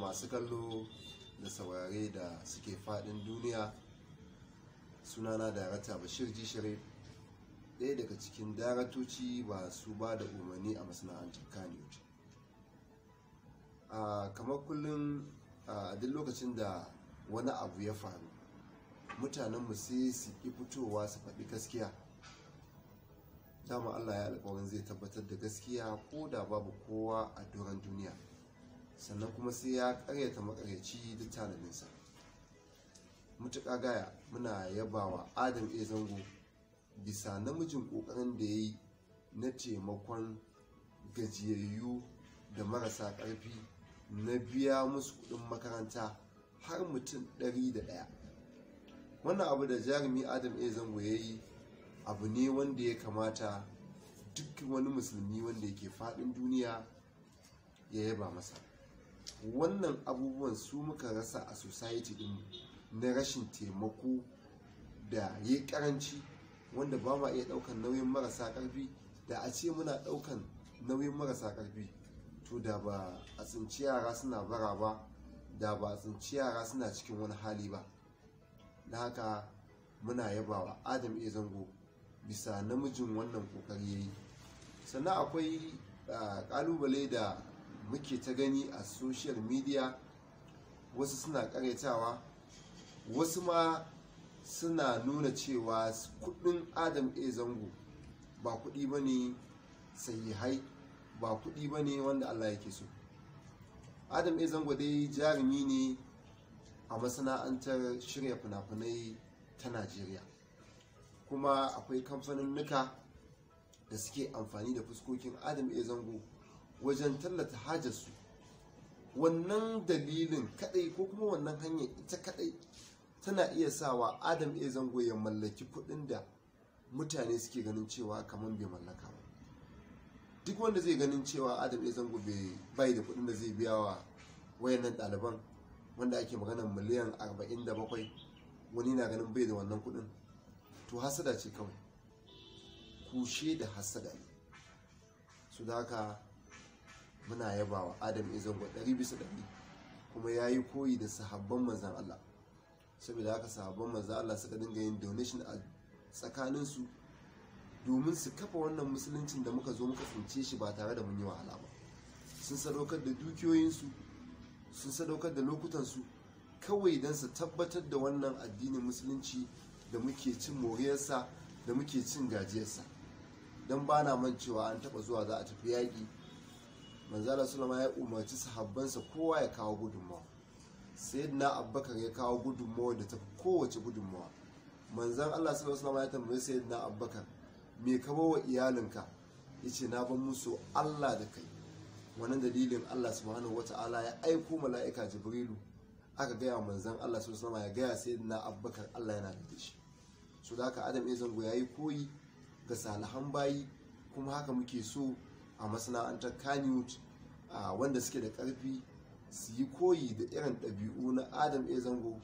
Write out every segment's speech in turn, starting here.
masu kallo da saurare da suke fadin duniya sunana darata bashir jishire ɗaya daga cikin daratoci ba su ba da umarni a masana'antar kaniyoci kamar kullum a duk lokacin da wani abu ya faru mutanenmu sai su ƙi fitowa su faɗi gaskiya dama allah ya alƙawarin zai tabbatar da gaskiya ko da babu kowa a doron duniya sannan kuma sai ya karyata makaryaci da tanadinsa mutuƙa gaya muna yabawa adam a zango bisa namijin ƙoƙarin da ya yi na taimakon gajiyayyu da marasa ƙarfi na biya musu kuɗin makaranta har mutum ɗari da ɗaya wannan abu da jarumi adam a zango ya yi abu ne wanda ya kamata duk wani musulmi wanda yake faɗin duniya ya yaba masa wannan abubuwan su muka rasa a society din na rashin taimako da ya karanci wanda ba ma iya daukan nauyin marasa karfi da a ce muna daukan nauyin marasa karfi to da ba a tsinci yara suna bara ba da ba a tsinci yara suna cikin wani hali ba na haka muna yabawa adam iya zango bisa namijin wannan kokari yi. sannan akwai kalubale ah, da muke ta gani a social media wasu suna karetawa wasu ma suna nuna cewa kudin adam a zango ba kudi ba ne sahihai ba kudi ba ne wanda allah yake so adam a zango dai jarumi ne a masana'antar shirya fina-finai ta najeriya kuma akwai kamfanin nuka da suke amfani da fuskokin adam a zango wajen tallata hajarsu wannan dalilin kadai ko kuma wannan hanyar ita kadai tana iya sawa adam iya zango ya mallaki kudin da mutane suke ganin cewa kamar bai mallaka ba duk wanda zai ganin cewa adam iya zango bai da kudin da zai biya wa wayannan ɗaliban wanda ake magana miliyan 47 wani na ganin bai da wannan kudin to hasada ce kawai kushe da hasada ne su da haka muna yaba wa adam izango ɗari bisa ɗari kuma ya yi koyi da sahabban manzan Allah saboda haka sahabban mazan Allah suka dinga yin donation a tsakaninsu domin su kafa wannan musuluncin da muka zo muka tsince shi ba tare da mun yi wahala ba sun sadaukar da dukiyoyinsu sun sadaukar da lokutansu kawai don su tabbatar da wannan addinin musulunci da muke cin moriyarsa da muke cin gajiyarsa don ba na man cewa an taɓa zuwa za a tafi yaƙi manzala sulama ya umarci sahabbansa kowa ya kawo gudunmawa na abubakar ya kawo gudunmawa da ta kowace gudunmawa manzan allah sulama sulama ya tambaye na abubakar me ka wa iyalinka ya ce na ban musu allah da kai wannan dalilin allah subhanahu ala ya aiko mala'ika jibrilu aka gaya wa manzan allah sulama ya gaya na abubakar allah yana da shi su da haka adam ya zango ya yi koyi ga salahan bayi kuma haka muke so a masana'antar kanyut wanda suke da ƙarfi su yi koyi da irin ɗabi'u na adam a zango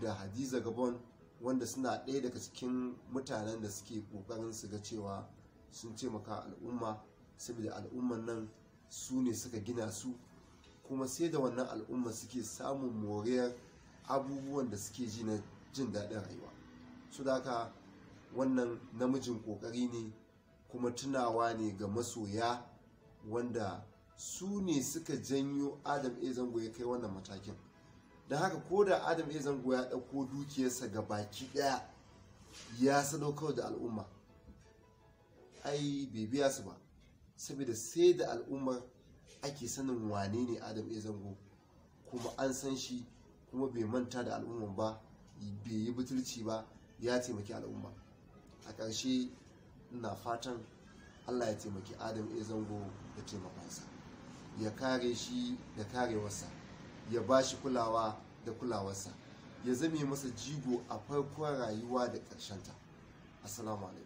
da hadiza gabon wanda suna ɗaya daga cikin mutanen da suke ƙoƙarin su ga cewa sun ce maka al'umma saboda al'umman nan su ne suka gina su kuma sai da wannan al'umma suke samun moriyar abubuwan da suke ji na jin daɗin rayuwa su da wannan namijin ƙoƙari ne kuma tunawa ne ga masoya wanda su ne suka janyo adam a zango ya kai wannan matakin don haka ko da adam a zango ya ɗauko dukiyarsa ga baki ɗaya ya sadaukar da al'umma ai bai biya su ba saboda sai da al'ummar ake sanin wane ne adam a zango kuma an san shi kuma bai manta da al'umma ba bai yi butulci ba ya taimaki al'umma a ƙarshe na fatan Allah ya taimaki Adam ya zango da taimakonsa ya kare shi da karewarsa ya ba shi kulawa da kulawarsa ya zame masa jigo a farkon rayuwa da ƙarshenta assalamu alaikum